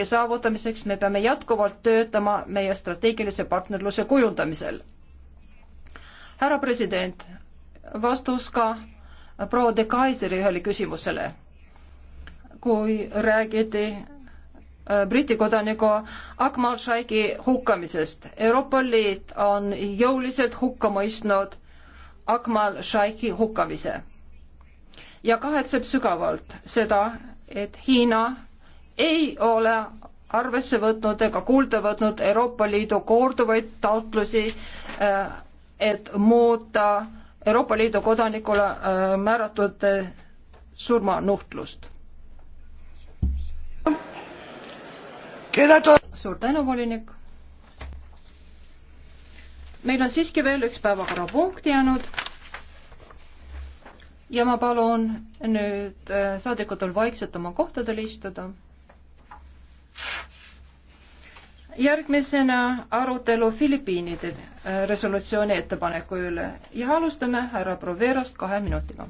ja saavutamiseks me peame jätkuvalt töötama meie strateegilise partnerluse kujundamisel. härra president, vastus ka proua de Kaiseri ühele küsimusele. kui räägiti äh, Briti kodaniku Akmal Shaiki hukkamisest. Euroopa Liit on jõuliselt hukka mõistnud Akmal Shaiki hukkamise ja kahetseb sügavalt seda, et Hiina ei ole arvesse võtnud ega kuulda võtnud Euroopa Liidu korduvaid taotlusi, äh, et muuta Euroopa Liidu kodanikule äh, määratud äh, surmanuhtlust. suur tänu, volinik. meil on siiski veel üks päevakorrapunkt jäänud ja ma palun nüüd saadikutel vaikselt oma kohtadele istuda järgmisena arutelu Filipiinide äh, resolutsiooni ettepaneku üle ja alustame härra Proverost kahe minutiga.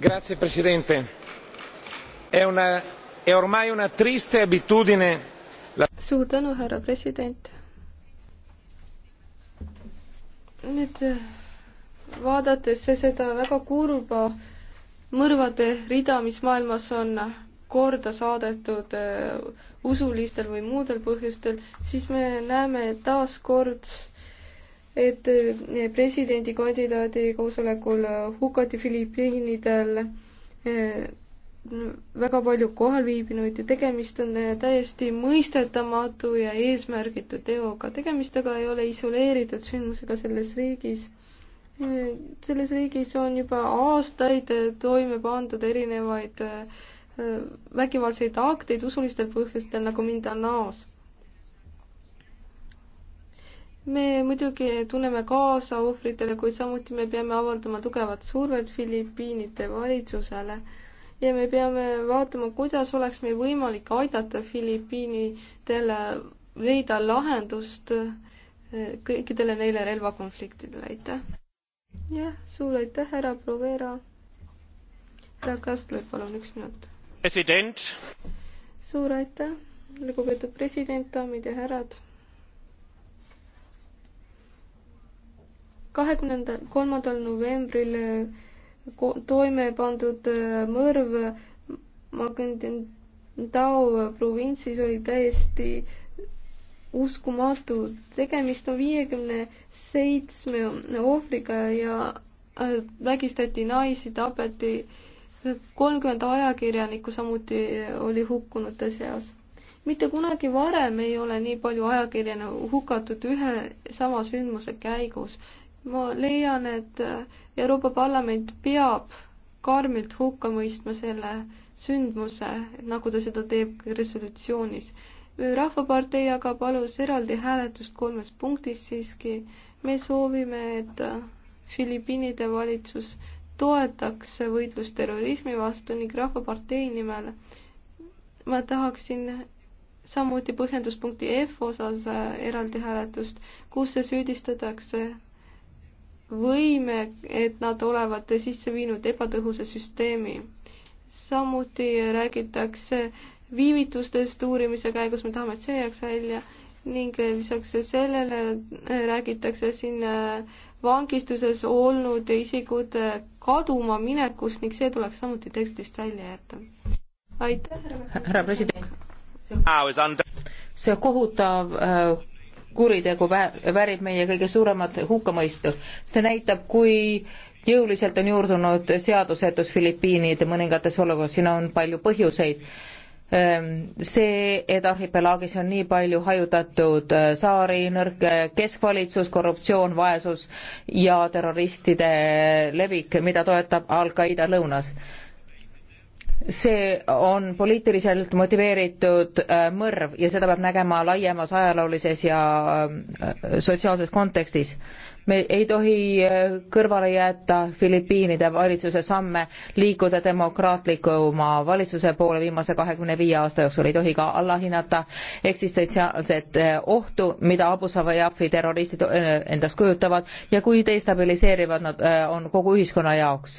Grazie presidente. È una, è ormai una triste abitudine la.... suur tänu, härra president. nüüd äh, vaadates seda väga kurba mõrvade rida, mis maailmas on korda saadetud äh, usulistel või muudel põhjustel, siis me näeme taaskord, et äh, presidendikandidaadi koosolekul äh, hukati Filipiinidel väga palju kohalviibinuid ja tegemist on täiesti mõistetamatu ja eesmärgitu teoga. tegemist aga ei ole isoleeritud sündmusega selles riigis. selles riigis on juba aastaid toime pandud erinevaid äh, vägivaldseid akteid usulistel põhjustel nagu Mindanaos. me muidugi tunneme kaasa ohvritele, kuid samuti me peame avaldama tugevat survet Filipiinide valitsusele ja me peame vaatama, kuidas oleks meil võimalik aidata Filipiinidele leida lahendust eh, kõikidele neile relvakonfliktidele, aitäh! jah, suur aitäh, härra Provera! härra Kastler, palun üks minut president. suur aitäh, lugupeetud president, daamid ja härrad. kahekümnendal, kolmandal novembril äh, toime pandud äh, mõrv Magandao provintsis oli täiesti uskumatu. tegemist on viiekümne seitsme ohvriga ja äh, vägistati naisi, tapeti äh, kolmkümmend ajakirjanikku samuti eh, oli hukkunute seas. mitte kunagi varem ei ole nii palju ajakirjanikku hukatud ühe sama sündmuse käigus. ma leian, et eh, Euroopa Parlament peab karmilt hukka mõistma selle sündmuse, nagu ta seda teeb resolutsioonis. rahvapartei aga palus eraldi hääletust kolmes punktis siiski. me soovime, et eh, Filipiinide valitsus toetaks võitlust terrorismi vastu ning Rahvapartei nimel. ma tahaksin samuti põhjenduspunkti F osas äh, eraldi hääletust, kus süüdistatakse võime, et nad olevat sisse viinud ebatõhusa süsteemi. samuti räägitakse viivitustest uurimise käigus, me tahame, et see jääks välja ning lisaks sellele räägitakse siin äh, vangistuses olnud isikute äh, kaduma minekust ning see tuleks samuti tekstist välja jätta. aitäh, härra president. see kohutav äh, kuritegu väärib meie kõige suuremat hukkamõistu. see näitab, kui jõuliselt on juurdunud seadusetus Filipiinide mõningates olukorras, siin on palju põhjuseid Ehm, see, et arhipelaagis on nii palju hajutatud äh, saari, nõrk äh, keskvalitsus, korruptsioon, vaesus ja terroristide levik, mida toetab Al-Qaeda lõunas. see on poliitiliselt motiveeritud äh, mõrv ja seda peab nägema laiemas ajaloolises ja sotsiaalses kontekstis me ei tohi äh, kõrvale jätta Filipiinide valitsuse samme liikuda demokraatlikuma valitsuse poole viimase kahekümne viie aasta jooksul, ei tohi ka allahinnata eksistentsiaalset äh, ohtu, mida Abu Savajafi terroristid äh, endast kujutavad ja kui destabiliseerivad nad on kogu ühiskonna jaoks.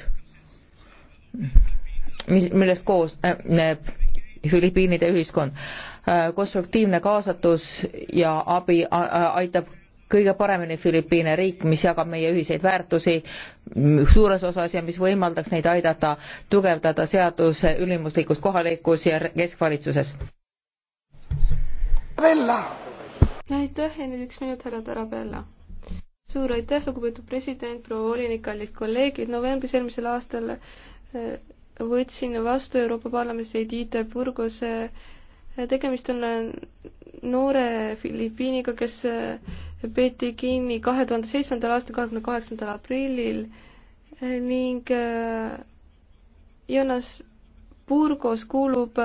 mis, millest koos äh, Filipiinide ühiskond konstruktiivne kaasatus ja abi aitab kõige paremini Filipiine riik, mis jagab meie ühiseid väärtusi suures osas ja mis võimaldaks neid aidata tugevdada seaduse ülimuslikkust kohalikus ja keskvalitsuses. aitäh ja nüüd üks minut, härra Tarabella suur aitäh, lugupeetud president, proua volinik, kallid kolleegid, novembris eelmisel aastal eh, võtsin vastu Euroopa Parlamendis Edith Burgose tegemist on noore Filipiiniga, kes eh, peeti kinni kahe tuhande seitsmendal aastal, kahekümne kaheksandal aprillil eh, ning eh, Jonas Burgos kuulub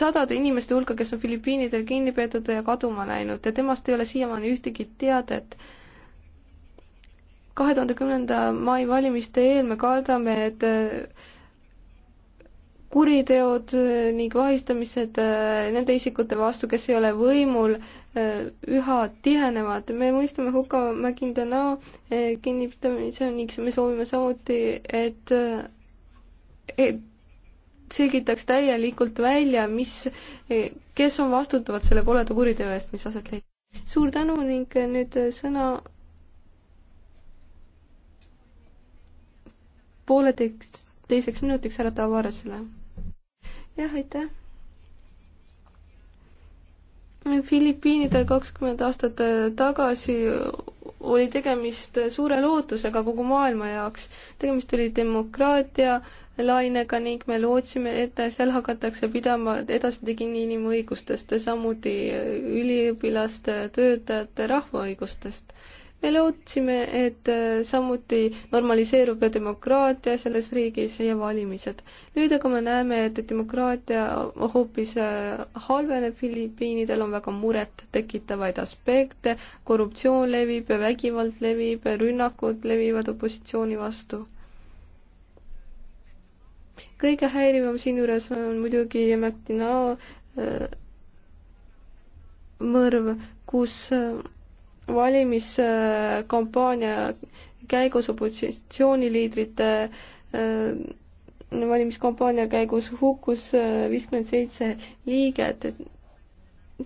sadade inimeste hulka, kes on Filipiinidel kinni peetud ja kaduma läinud ja temast ei ole siiamaani ühtegi teadet. kahe tuhande kümnenda mai valimiste eel me kardame, et kuriteod äh, ning vahistamised äh, nende isikute vastu, kes ei ole võimul, äh, üha tihenevad. me mõistame hukka Mäkindanao kinnipidamise ning me soovime samuti, et, et selgitaks täielikult välja, mis, kes on vastutavad selle koleda kuriteo eest, mis aset leidis. suur tänu ning nüüd sõna pooleteist, teiseks minutiks härra Tavaresele jah, aitäh. Filipiinidel kakskümmend aastat äh, tagasi oli tegemist äh, suure lootusega kogu maailma jaoks. tegemist oli demokraatia lainega ning me lootsime, et seal hakatakse pidama edaspidi kinni inimõigustest, samuti äh, üliõpilaste, töötajate, rahvaõigustest me lootsime, et äh, samuti normaliseerub demokraatia selles riigis ja valimised. nüüd aga me näeme, et demokraatia hoopis äh, halveneb, Filipiinidel on väga muret tekitavaid aspekte, korruptsioon levib, vägivald levib, rünnakud levivad opositsiooni vastu kõige häirivam siinjuures on muidugi Matinao äh, mõrv, kus valimiskampaania käigus opositsiooniliidrite äh, valimiskampaania käigus hukkus äh, viiskümmend seitse liiget, et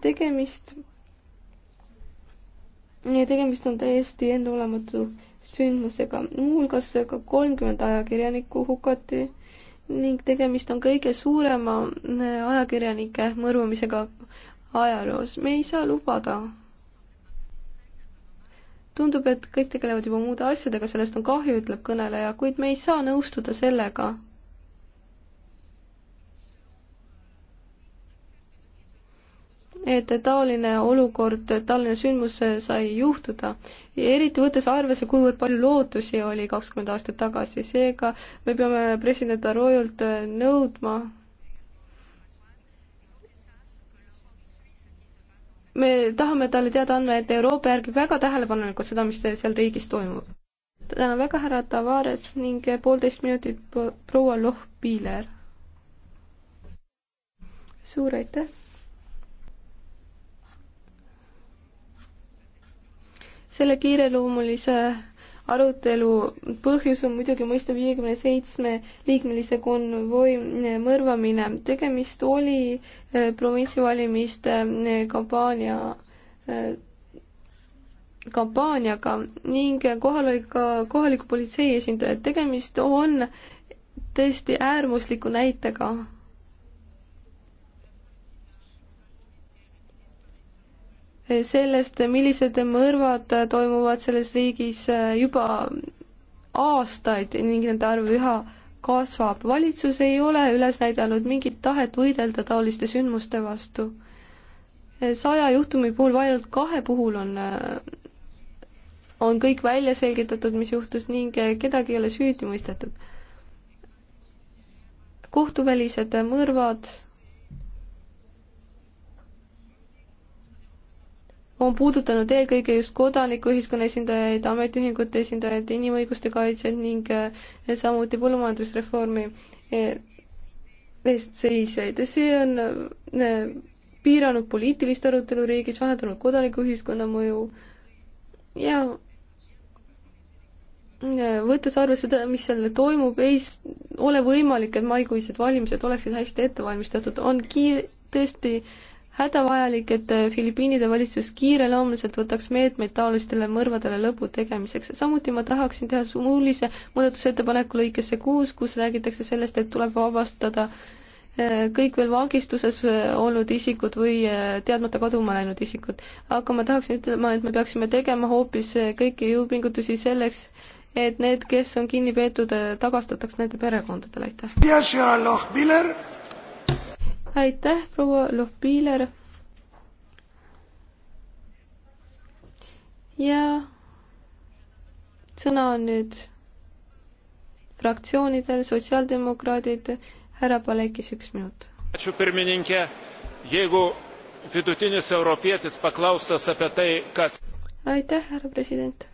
tegemist, tegemist on täiesti enneolematu sündmusega, muuhulgas ka kolmkümmend ajakirjanikku hukati ning tegemist on kõige suurema äh, ajakirjanike mõrvamisega ajaloos, me ei saa lubada tundub, et kõik tegelevad juba muude asjadega, sellest on kahju, ütleb kõneleja, kuid me ei saa nõustuda sellega, et taoline olukord, taoline sündmus sai juhtuda. eriti võttes arvesse, kuivõrd palju lootusi oli kakskümmend aastat tagasi, seega me peame president Arroyolt nõudma, me tahame talle teada andma, et Euroopa järgib väga tähelepanelikult seda, mis seal riigis toimub. tänan väga, härra Tavares ning poolteist minutit proua Lohpiiler. suur aitäh. selle kiireloomulise arutelu põhjus on muidugi mõista viiekümne seitsme liikmelise konvoi mõrvamine. tegemist oli eh, provintsivalimiste eh, kampaania eh, kampaaniaga ning kohal oli ka kohaliku politsei esindajad. tegemist on tõesti äärmusliku näitega sellest, millised mõrvad toimuvad selles riigis äh, juba aastaid ning nende arv üha kasvab. valitsus ei ole üles näidanud mingit tahet võidelda taoliste sündmuste vastu. saja juhtumi puhul, ainult kahe puhul on, äh, on kõik välja selgitatud, mis juhtus ning äh, kedagi ei ole süüdi mõistetud. kohtuvälised mõrvad on puudutanud eelkõige just kodanikuühiskonna esindajaid, ametiühingute esindajaid, inimõiguste kaitsjaid ning eh, samuti põllumajandusreformi eh, eest seisjaid ja see on eh, piiranud poliitilist arutelu riigis, vähendanud kodanikuühiskonna mõju ja võttes arvesse seda, mis seal toimub, ei ole võimalik, et maikuised valimised oleksid hästi ette valmistatud, on kiir-, tõesti hädavajalik, et äh, Filipiinide valitsus kiireloomuliselt võtaks meetmeid taolistele mõrvadele lõpu tegemiseks. samuti ma tahaksin teha suulise muudatusettepaneku lõikesse kuus, kus räägitakse sellest, et tuleb vabastada äh, kõik veel vangistuses äh, olnud isikud või teadmata kaduma läinud isikud. aga ma tahaksin ütlema, et me peaksime tegema hoopis kõiki jõupingutusi selleks, et need, kes on kinni peetud, tagastataks nende perekondadele, aitäh aitäh, proua Lohpiiler. ja sõna on nüüd fraktsioonidel, sotsiaaldemokraadid, härra Palekis, üks minut. aitäh, härra president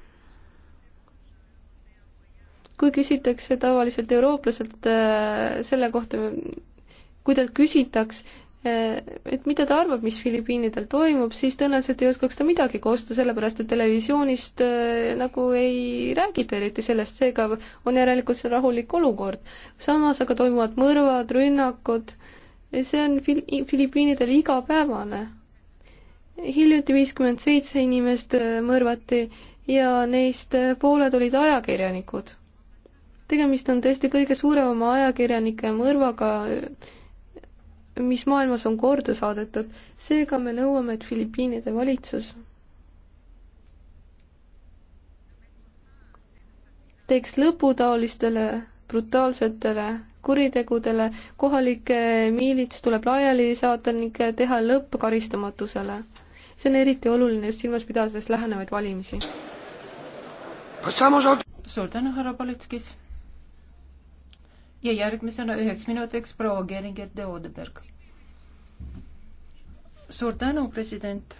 kui küsitakse tavaliselt eurooplaselt äh, selle kohta, kui talt küsitaks, eh, et mida ta arvab, mis Filipiinidel toimub, siis tõenäoliselt ei oskaks ta midagi kosta, sellepärast et televisioonist eh, nagu ei räägita eriti sellest, seega on järelikult see rahulik olukord. samas aga toimuvad mõrvad, rünnakud, see on Fil-, Filipiinidel igapäevane. hiljuti viiskümmend seitse inimest eh, mõrvati ja neist pooled olid ajakirjanikud. tegemist on tõesti kõige suurema ajakirjanike mõrvaga mis maailmas on korda saadetud, seega me nõuame, et Filipiinide valitsus teeks lõpu taolistele brutaalsetele kuritegudele, kohalik miilits tuleb laiali saata ning teha lõpp karistamatusele. see on eriti oluline just silmas pidades lähenevaid valimisi. suur tänu, härra Politskis ja järgmisena üheks minutiks proua Geringer de Odeberg. suur tänu, president.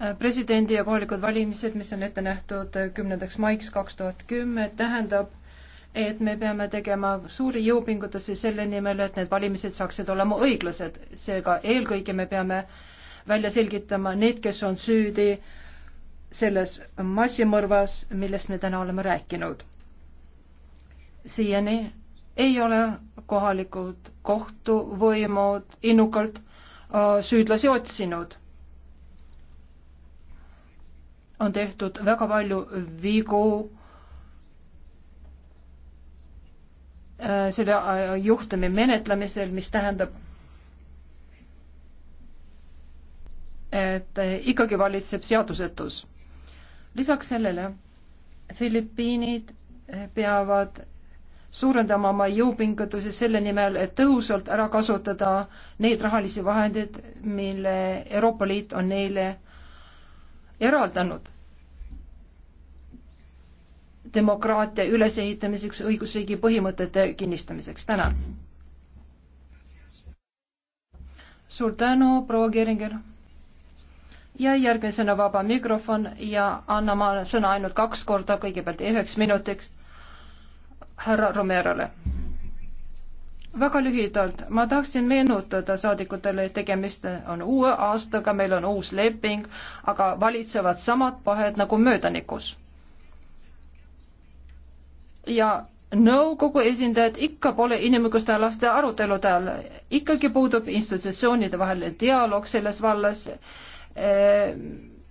Äh, presidendi ja kohalikud valimised, mis on ette nähtud kümnendaks maiks kaks tuhat kümme, tähendab, et me peame tegema suuri jõupingutusi selle nimel, et need valimised saaksid olema õiglased. seega eelkõige me peame välja selgitama need, kes on süüdi äh, selles massimõrvas, millest me täna oleme rääkinud. siiani ei ole kohalikud kohtuvõimud innukalt äh, süüdlasi otsinud. on tehtud väga palju vigu äh, selle äh, juhtumi menetlemisel, mis tähendab, et ikkagi valitseb seadusetus lisaks sellele Filipiinid peavad suurendama oma jõupingutusi selle nimel, et tõhusalt ära kasutada neid rahalisi vahendeid, mille Euroopa Liit on neile eraldanud demokraatia ülesehitamiseks, õigusriigi põhimõtete kinnistamiseks. tänan. suur tänu, proua Keringer ja järgmisena vaba mikrofon ja anname sõna ainult kaks korda, kõigepealt üheks minutiks härra Romerole. väga lühidalt, ma tahtsin meenutada saadikutele, et tegemist on uue aastaga, meil on uus leping, aga valitsevad samad pahed nagu möödanikus. ja nõukogu esindajad ikka pole inimõiguste alaste arutelude all, ikkagi puudub institutsioonide vaheline dialoog selles vallas Äh,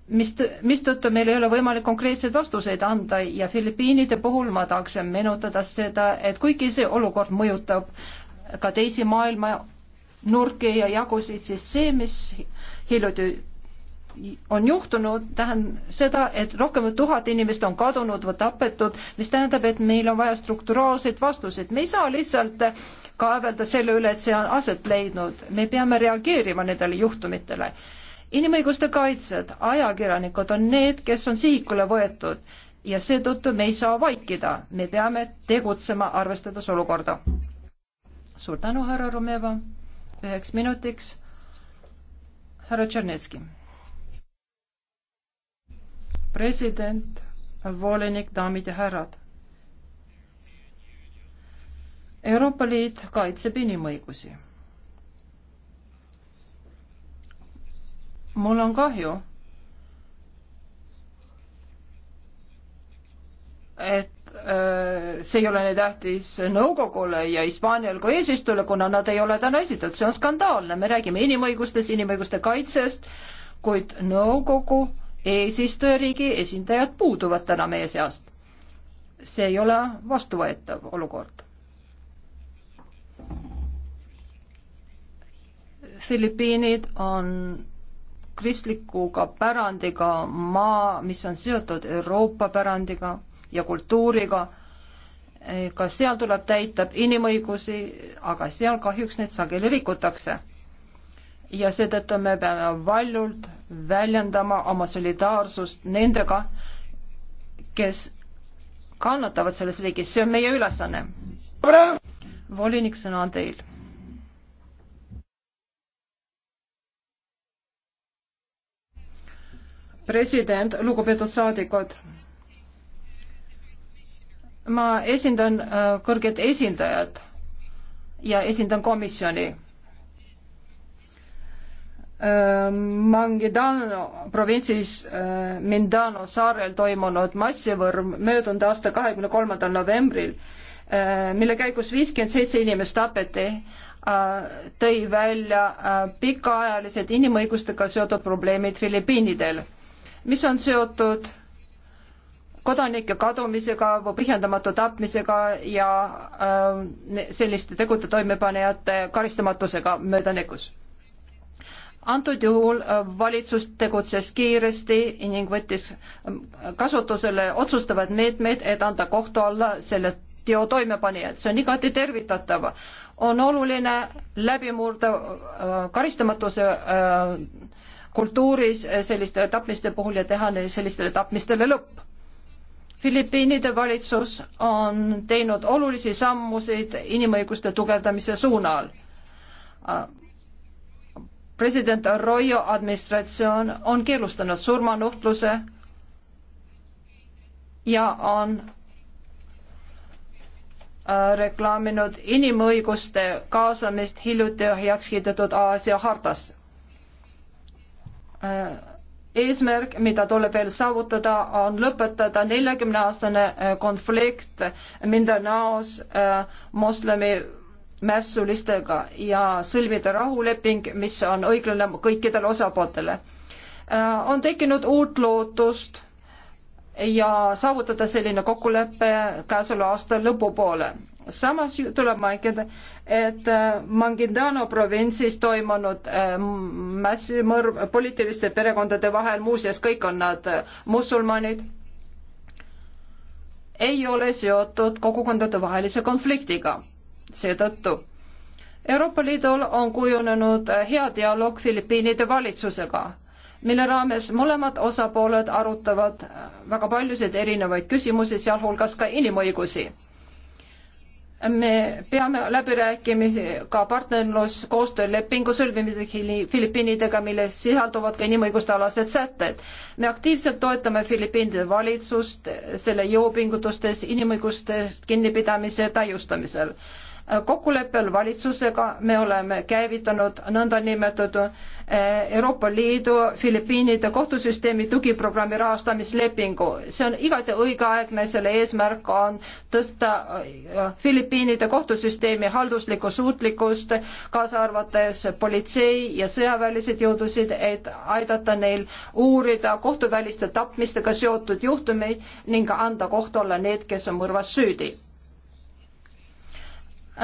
mis, mistõttu meil ei ole võimalik konkreetseid vastuseid anda ja Filipiinide puhul ma tahaksin meenutada seda, et kuigi see olukord mõjutab ka teisi maailma nurki ja jagusid, siis see, mis hiljuti on juhtunud, tähendab seda, et rohkem kui tuhat inimest on kadunud või tapetud, mis tähendab, et meil on vaja strukturaalseid vastuseid. me ei saa lihtsalt kaevelda selle üle, et see on aset leidnud. me peame reageerima nendele juhtumitele inimõiguste kaitsjad, ajakirjanikud on need, kes on sihikule võetud ja seetõttu me ei saa vaikida, me peame tegutsema, arvestades olukorda. suur tänu, härra Rumeva, üheks minutiks. härra Tšernetski. president, volinik, daamid ja härrad. Euroopa Liit kaitseb inimõigusi mul on kahju, et öö, äh, see ei ole nii tähtis nõukogule ja Hispaanial kui eesistujale, kuna nad ei ole täna esitatud, see on skandaalne, me räägime inimõigustest, inimõiguste kaitsest, kuid nõukogu eesistujariigi esindajad puuduvad täna meie seast. see ei ole vastuvõetav olukord. Filipiinid on kristlikuga pärandiga maa, mis on seotud Euroopa pärandiga ja kultuuriga. ka seal tuleb täita inimõigusi, aga seal kahjuks neid sageli rikutakse. ja seetõttu me peame valjult väljendama oma solidaarsust nendega, kes kannatavad selles riigis, see on meie ülesanne. volinik, sõna on teil president, lugupeetud saadikud. ma esindan äh, kõrget esindajat ja esindan komisjoni. Äh, Mangidano provintsis äh, Mindano saarel toimunud massivõrm möödunud aasta kahekümne kolmandal novembril, mille käigus viiskümmend seitse inimest tapeti, tõi välja pikaajalised inimõigustega seotud probleemid Filipiinidel mis on seotud kodanike kadumisega või põhjendamatu tapmisega ja äh, selliste tegude toimepanejate karistamatusega möödanikus. antud juhul äh, valitsus tegutses kiiresti ning võttis äh, kasutusele otsustavad meetmed, et anda kohtu alla selle teo toimepanijad, see on igati tervitatav. on oluline läbi murda äh, karistamatuse äh, kultuuris eh, selliste tapmiste puhul ja teha neil sellistele tapmistele lõpp. Filipiinide valitsus on teinud olulisi sammusid inimõiguste tugevdamise suunal. Ah, president Arroyo administratsioon on keelustanud surmanuhtluse ja on äh, reklaaminud inimõiguste kaasamist hiljuti heaks kiidetud Aasia hartasse Äh, eesmärk, mida tuleb veel saavutada, on lõpetada neljakümneaastane äh, konflikt äh, Mindanaos moslemi mässulistega ja sõlmida rahuleping, mis on õiglane kõikidele osapooltele. on tekkinud uut lootust ja saavutada selline kokkulepe käesoleva aasta lõpupoole samas tuleb mainida, et äh, Mangindano provintsis toimunud äh, massimõrv poliitiliste perekondade vahel, muuseas kõik on nad äh, musulmanid, ei ole seotud kogukondade vahelise konfliktiga. seetõttu Euroopa Liidul on kujunenud hea dialoog Filipiinide valitsusega, mille raames mõlemad osapooled arutavad väga paljusid erinevaid küsimusi, sealhulgas ka inimõigusi me peame läbirääkimisi ka partnerluskoostöölepingu sõlmimiseks Filipiinidega, milles sisalduvad ka inimõiguste alased sätted. me aktiivselt toetame Filipiinide valitsust selle jõupingutustes inimõigustest kinnipidamise täiustamisel kokkuleppel valitsusega me oleme käivitanud nõndanimetatud eh, Euroopa Liidu Filipiinide kohtusüsteemi tugiprogrammi rahastamislepingu. see on igati õigeaegne, selle eesmärk on tõsta eh, Filipiinide kohtusüsteemi halduslikku suutlikkust, kaasa arvates politsei ja sõjaväelised jõudusid, et aidata neil uurida kohtuväliste tapmistega seotud juhtumeid ning anda kohtu alla need, kes on mõrvas süüdi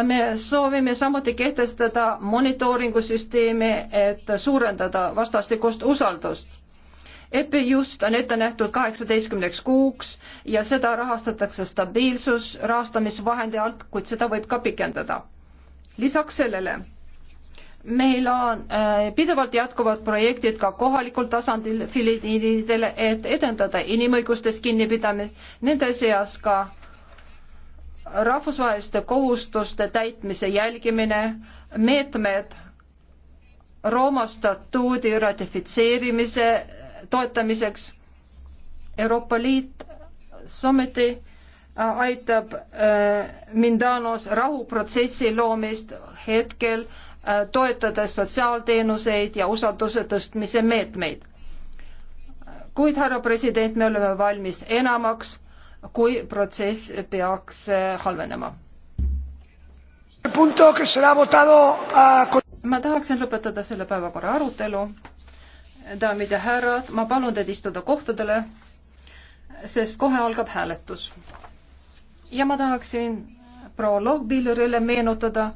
me soovime samuti kehtestada monitooringusüsteemi, et suurendada vastastikust usaldust. EPI-st on ette nähtud kaheksateistkümneks kuuks ja seda rahastatakse stabiilsus rahastamisvahendi alt, kuid seda võib ka pikendada. lisaks sellele meil on äh, pidevalt jätkuvad projektid ka kohalikul tasandil Filipiinidele, et edendada inimõigustest kinnipidamist, nende seas ka rahvusvaheliste kohustuste täitmise jälgimine, meetmed Rooma statuudi ratifitseerimise toetamiseks. Euroopa Liit samuti äh, aitab äh, Mindanos rahuprotsessi loomist hetkel, äh, toetades sotsiaalteenuseid ja usalduse tõstmise meetmeid. kuid, härra president, me oleme valmis enamaks kui protsess peaks eh, halvenema. Ah, ma tahaksin lõpetada selle päevakorra arutelu. daamid ja härrad, ma palun teid istuda kohtadele, sest kohe algab hääletus. ja ma tahaksin proua Logbillerile meenutada,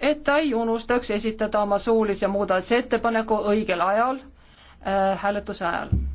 et ta ei unustaks esitada oma suulise muudatusettepaneku õigel ajal äh,, hääletuse ajal